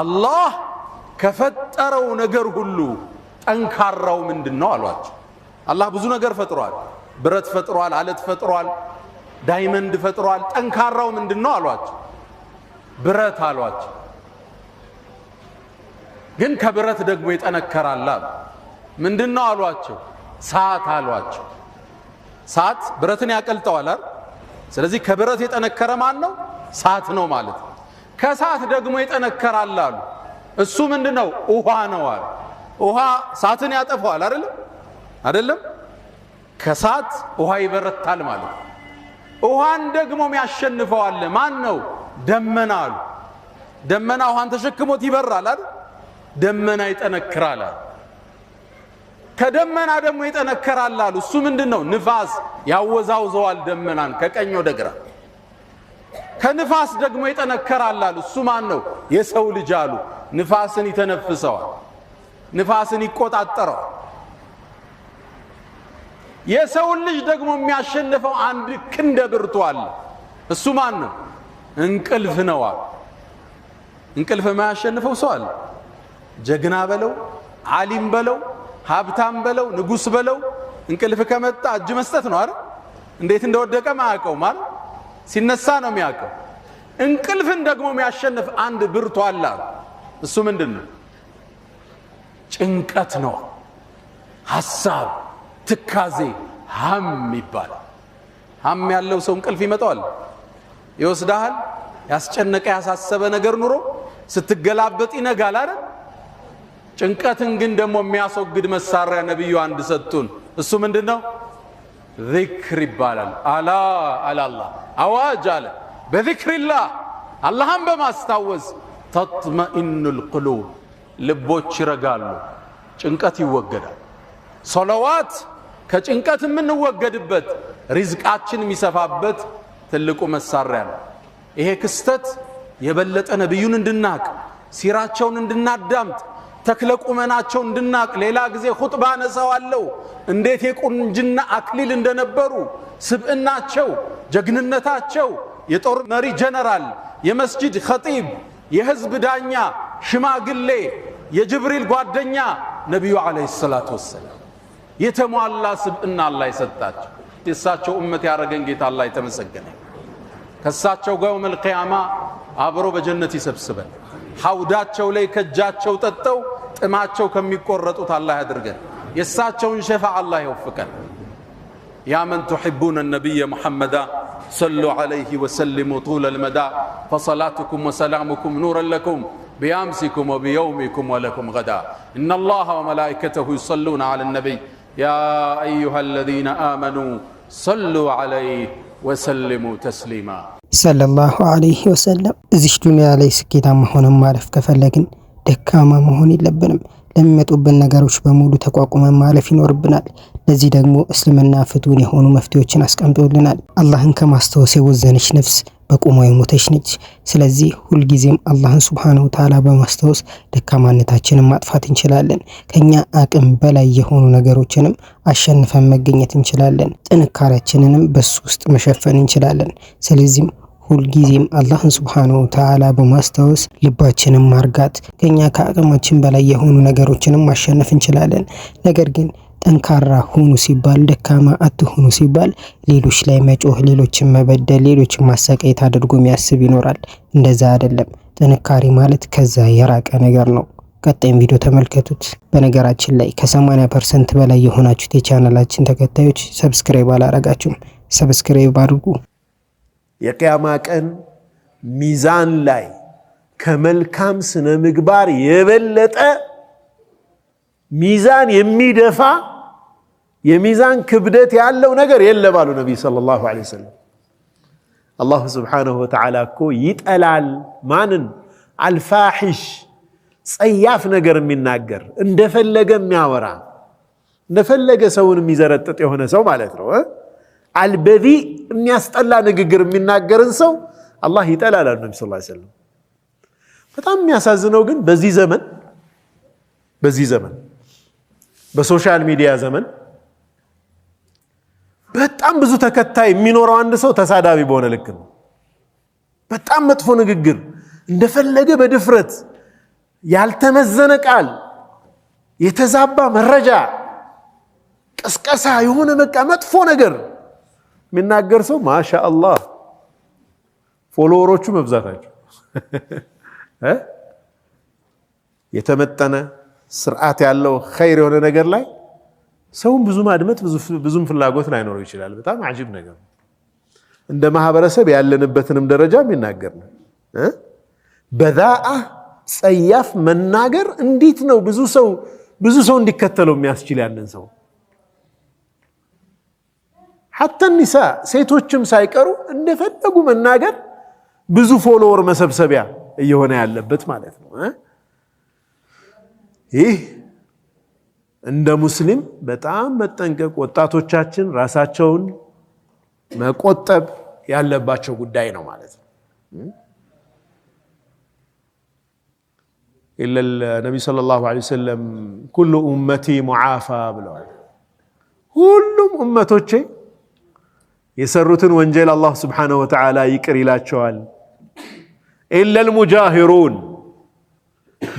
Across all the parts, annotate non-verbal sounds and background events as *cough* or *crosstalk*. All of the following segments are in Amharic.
አላህ ከፈጠረው ነገር ሁሉ ጠንካራው ምንድን ነው አሏቸው። አላህ ብዙ ነገር ፈጥሯል። ብረት ፈጥሯል፣ አለት ፈጥሯል፣ ዳይመንድ ፈጥሯል። ጠንካራው ምንድን ነው አሏቸው። ብረት አሏቸው። ግን ከብረት ደግሞ ይጠነከራል አሉ። ምንድን ነው አሏቸው። ሰዓት አሏቸው። ሰዓት ብረትን ያቀልጠዋል። ስለዚህ ከብረት የጠነከረ ማን ነው? ሰዓት ነው ማለት ነው። ከእሳት ደግሞ ይጠነከራል አሉ። እሱ ምንድን ነው? ውሃ ነው አሉ። ውሃ እሳትን ያጠፈዋል አይደለም አይደለም። ከእሳት ውሃ ይበረታል ማለት ውሃን ደግሞ ያሸንፈዋል ማን ነው? ደመና አሉ። ደመና ውሃን ተሸክሞት ይበራል አይደል? ደመና ይጠነክራል አሉ። ከደመና ደግሞ ይጠነከራል አሉ። እሱ ምንድን ነው? ንፋስ ያወዛውዘዋል ደመናን ከቀኝ ወደ ግራ ከንፋስ ደግሞ ይጠነከራል አሉ። እሱ ማን ነው? የሰው ልጅ አሉ። ንፋስን ይተነፍሰዋል፣ ንፋስን ይቆጣጠረዋል። የሰውን ልጅ ደግሞ የሚያሸንፈው አንድ ክንደ ብርቱ አለ። እሱ ማን ነው? እንቅልፍ ነው አሉ። እንቅልፍ የማያሸንፈው ሰው አለ። ጀግና በለው፣ ዓሊም በለው፣ ሀብታም በለው፣ ንጉሥ በለው፣ እንቅልፍ ከመጣ እጅ መስጠት ነው አይደል? እንዴት እንደወደቀ ማያውቀውም ማለት ሲነሳ ነው የሚያውቀው። እንቅልፍን ደግሞ የሚያሸንፍ አንድ ብርቱ አለ። እሱ ምንድን ነው? ጭንቀት ነው። ሀሳብ፣ ትካዜ፣ ሀም ይባላል። ሀም ያለው ሰው እንቅልፍ ይመጣዋል፣ ይወስዳሃል። ያስጨነቀ ያሳሰበ ነገር ኑሮ ስትገላበጥ ይነጋል አይደል? ጭንቀትን ግን ደግሞ የሚያስወግድ መሳሪያ ነቢዩ አንድ ሰጡን። እሱ ምንድን ነው? ዚክር ይባላል። አላ አላላ አዋጅ አለ በዚክሪላህ አላህን በማስታወስ ተጥመኢኑል ቁሉብ ልቦች ይረጋሉ፣ ጭንቀት ይወገዳል። ሶለዋት ከጭንቀት የምንወገድበት ሪዝቃችን የሚሰፋበት ትልቁ መሳሪያ ነው። ይሄ ክስተት የበለጠ ነቢዩን እንድናቅ ሲራቸውን እንድናዳምጥ ተክለ ቁመናቸው እንድናቅ ሌላ ጊዜ ሁጥባ ነሳዋለው። እንዴት የቁንጅና አክሊል እንደነበሩ ስብዕናቸው፣ ጀግንነታቸው፣ የጦር መሪ ጀነራል፣ የመስጂድ ኸጢብ፣ የህዝብ ዳኛ፣ ሽማግሌ፣ የጅብሪል ጓደኛ ነቢዩ ዓለይሂ ሰላቱ ወሰላም የተሟላ ስብዕና አላህ የሰጣቸው የእሳቸው እመት ያደረገን ጌታ አላህ የተመሰገነ ከእሳቸው ጋር የውመል ቂያማ አብሮ በጀነት ይሰብስበን። ሐውዳቸው ላይ ከእጃቸው ጠጠው ጥማቸው ከሚቆረጡት አላህ ያድርገን። የእሳቸውን ሸፋ አላህ ይወፍቀን። يا من تحبون النبي محمدا صلوا عليه وسلموا طول المدى فصلاتكم وسلامكم نورا لكم بأمسكم وبيومكم ولكم غدا إن الله وملائكته يصلون على النبي يا أيها الذين آمنوا صلوا عليه وسلموا ወሰልሙ ተስሊማ ሰለላሁ አለይህ ወሰለም። እዚች ዱንያ ላይ ስኬታማ ሆነን ማለፍ ከፈለግን ደካማ መሆን የለብንም። ለሚመጡብን ነገሮች በሙሉ ተቋቁመን ማለፍ ይኖርብናል። ለዚህ ደግሞ እስልምና ፍቱን የሆኑ መፍትሄዎችን አስቀምጦልናል። አላህን ከማስታወስ የወዘነች ነፍስ በቁሞ የሞተች ነች። ስለዚህ ሁልጊዜም አላህን ሱብሓነሁ ወተዓላ በማስታወስ ደካማነታችንን ማጥፋት እንችላለን። ከኛ አቅም በላይ የሆኑ ነገሮችንም አሸንፈን መገኘት እንችላለን። ጥንካሬያችንንም በሱ ውስጥ መሸፈን እንችላለን። ስለዚህም ሁልጊዜም አላህን ሱብሓነሁ ተዓላ በማስታወስ ልባችንን ማርጋት፣ ከኛ ከአቅማችን በላይ የሆኑ ነገሮችንም ማሸነፍ እንችላለን። ነገር ግን ጠንካራ ሁኑ ሲባል፣ ደካማ አትሁኑ ሲባል ሌሎች ላይ መጮህ፣ ሌሎችን መበደል፣ ሌሎችን ማሰቃየት አድርጎ የሚያስብ ይኖራል። እንደዛ አይደለም። ጥንካሬ ማለት ከዛ የራቀ ነገር ነው። ቀጣይም ቪዲዮ ተመልከቱት። በነገራችን ላይ ከ80 ፐርሰንት በላይ የሆናችሁት የቻናላችን ተከታዮች ሰብስክራይብ አላረጋችሁም። ሰብስክራይብ አድርጉ። የቅያማ ቀን ሚዛን ላይ ከመልካም ስነ ምግባር የበለጠ ሚዛን የሚደፋ የሚዛን ክብደት ያለው ነገር የለም አሉ ነቢይ ሰለላሁ ዐለይሂ ወሰለም። አላሁ ስብሓነሁ ወተዓላ እኮ ይጠላል ማንን? አልፋሒሽ ጸያፍ ነገር የሚናገር እንደፈለገ የሚያወራ እንደፈለገ ሰውን የሚዘረጥጥ የሆነ ሰው ማለት ነው። አልበዲእ የሚያስጠላ ንግግር የሚናገርን ሰው አላህ ይጠላል አሉ ነቢ ስ ሰለም። በጣም የሚያሳዝነው ግን በዚህ ዘመን በዚህ ዘመን በሶሻል ሚዲያ ዘመን በጣም ብዙ ተከታይ የሚኖረው አንድ ሰው ተሳዳቢ በሆነ ልክ ነው። በጣም መጥፎ ንግግር እንደፈለገ በድፍረት ያልተመዘነ ቃል፣ የተዛባ መረጃ፣ ቅስቀሳ፣ የሆነ በቃ መጥፎ ነገር የሚናገር ሰው ማሻ አላህ ፎሎወሮቹ መብዛታቸው *laughs* የተመጠነ ስርዓት ያለው ኸይር የሆነ ነገር ላይ ሰውን ብዙ ማድመጥ ብዙም ፍላጎት ላይኖረው ይችላል። በጣም አጅብ ነገር ነው። እንደ ማህበረሰብ ያለንበትንም ደረጃ የሚናገር ነው። በዛአ ጸያፍ መናገር እንዴት ነው ብዙ ሰው ብዙ ሰው እንዲከተለው የሚያስችል ያንን ሰው ሐተ ኒሳ ሴቶችም ሳይቀሩ እንደፈለጉ መናገር ብዙ ፎሎወር መሰብሰቢያ እየሆነ ያለበት ማለት ነው። ይህ እንደ ሙስሊም በጣም መጠንቀቅ ወጣቶቻችን ራሳቸውን መቆጠብ ያለባቸው ጉዳይ ነው ማለት ነው። ነቢዩ ሰለላሁ ዐለይሂ ወሰለም ኩሉ ኡመቲ ሙዓፋ ብለዋል። ሁሉም እመቶቼ የሰሩትን ወንጀል አላህ ስብሓነሁ ወተዓላ ይቅር ይላቸዋል። ኢለል ሙጃሂሩን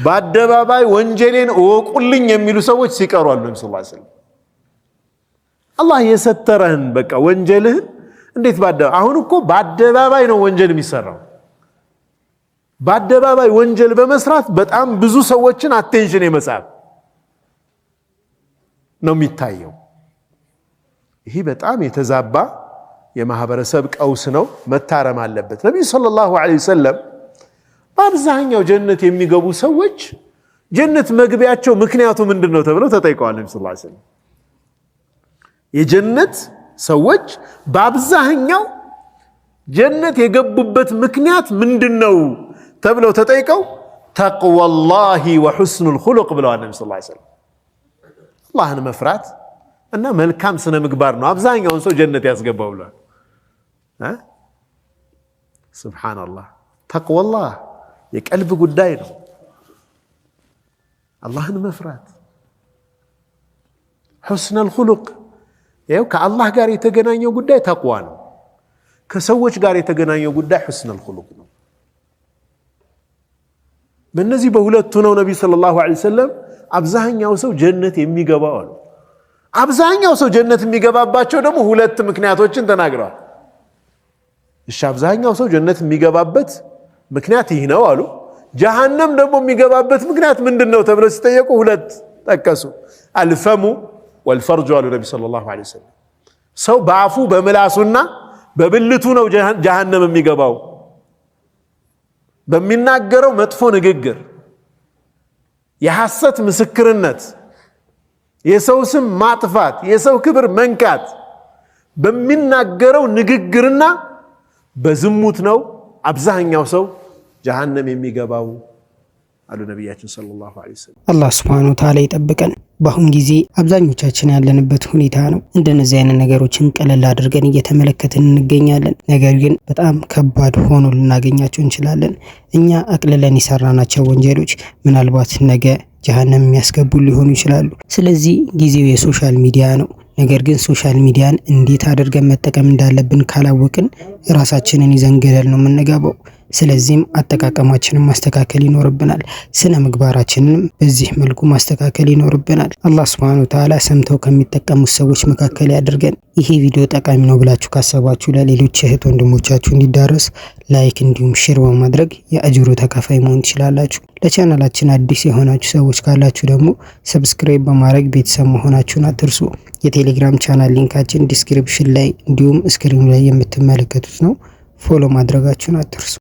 በአደባባይ ወንጀሌን እወቁልኝ የሚሉ ሰዎች ሲቀሩ አሉ። ነቢ ስ ስለም አላህ የሰተረህን በቃ ወንጀልህን እንዴት አሁን እኮ በአደባባይ ነው ወንጀል የሚሰራው። በአደባባይ ወንጀል በመስራት በጣም ብዙ ሰዎችን አቴንሽን የመሳብ ነው የሚታየው። ይህ በጣም የተዛባ የማህበረሰብ ቀውስ ነው፣ መታረም አለበት። ነቢዩ ሰለላሁ ዐለይሂ ወሰለም በአብዛኛው ጀነት የሚገቡ ሰዎች ጀነት መግቢያቸው ምክንያቱ ምንድን ነው ተብለው ተጠይቀዋል። ነቢ ስ ስለም የጀነት ሰዎች በአብዛኛው ጀነት የገቡበት ምክንያት ምንድን ነው ተብለው ተጠይቀው ተቅዋላሂ ወሑስኑል ኹሉቅ ብለዋል። ነቢ ስ ስለም አላህን መፍራት እና መልካም ስነ ምግባር ነው አብዛኛውን ሰው ጀነት ያስገባው ብለዋል። ስብሓናላህ ተቅወላህ የቀልብ ጉዳይ ነው። አላህን መፍራት ሑስነል ኹሉቅ ይኸው ከአላህ ጋር የተገናኘው ጉዳይ ተቅዋ ነው። ከሰዎች ጋር የተገናኘው ጉዳይ ሑስነል ኹሉቅ ነው። በእነዚህ በሁለቱ ነው ነቢዩ ሰለላሁ ዐለይሂ ወሰለም አብዛኛው ሰው ጀነት የሚገባው አሉ። አብዛኛው ሰው ጀነት የሚገባባቸው ደግሞ ሁለት ምክንያቶችን ተናግረዋል። እሺ አብዛኛው ሰው ጀነት የሚገባበት ምክንያት ይህ ነው አሉ። ጀሃነም ደግሞ የሚገባበት ምክንያት ምንድን ነው ተብለው ሲጠየቁ ሁለት ጠቀሱ። አልፈሙ ወልፈርጁ አሉ ነቢ ሰለላሁ ዐለይሂ ወሰለም። ሰው በአፉ በምላሱና በብልቱ ነው ጀሃነም የሚገባው፣ በሚናገረው መጥፎ ንግግር፣ የሐሰት ምስክርነት፣ የሰው ስም ማጥፋት፣ የሰው ክብር መንካት፣ በሚናገረው ንግግርና በዝሙት ነው አብዛኛው ሰው ጀሃነም የሚገባው አሉ ነቢያችን ሰለላሁ ዐለይሂ ወሰለም። አላህ ስብሐነሁ ወተዓላ ይጠብቀን። በአሁን ጊዜ አብዛኞቻችን ያለንበት ሁኔታ ነው። እንደነዚህ አይነት ነገሮችን ቀለል አድርገን እየተመለከትን እንገኛለን። ነገር ግን በጣም ከባድ ሆኖ ልናገኛቸው እንችላለን። እኛ አቅልለን የሰራናቸው ወንጀሎች ምናልባት ነገ ጀሃነም የሚያስገቡ ሊሆኑ ይችላሉ። ስለዚህ ጊዜው የሶሻል ሚዲያ ነው። ነገር ግን ሶሻል ሚዲያን እንዴት አድርገን መጠቀም እንዳለብን ካላወቅን ራሳችንን ይዘን ገደል ነው የምንገባው። ስለዚህም አጠቃቀማችንን ማስተካከል ይኖርብናል። ስነ ምግባራችንንም በዚህ መልኩ ማስተካከል ይኖርብናል። አላህ ስብሐነ ወተዓላ ሰምተው ከሚጠቀሙት ሰዎች መካከል ያድርገን። ይሄ ቪዲዮ ጠቃሚ ነው ብላችሁ ካሰባችሁ ለሌሎች እህት ወንድሞቻችሁ እንዲዳረስ ላይክ እንዲሁም ሼር በማድረግ የአጅሩ ተካፋይ መሆን ትችላላችሁ። ለቻናላችን አዲስ የሆናችሁ ሰዎች ካላችሁ ደግሞ ሰብስክራይብ በማድረግ ቤተሰብ መሆናችሁን አትርሱ። የቴሌግራም ቻናል ሊንካችን ዲስክሪፕሽን ላይ እንዲሁም ስክሪኑ ላይ የምትመለከቱት ነው። ፎሎ ማድረጋችሁን አትርሱ።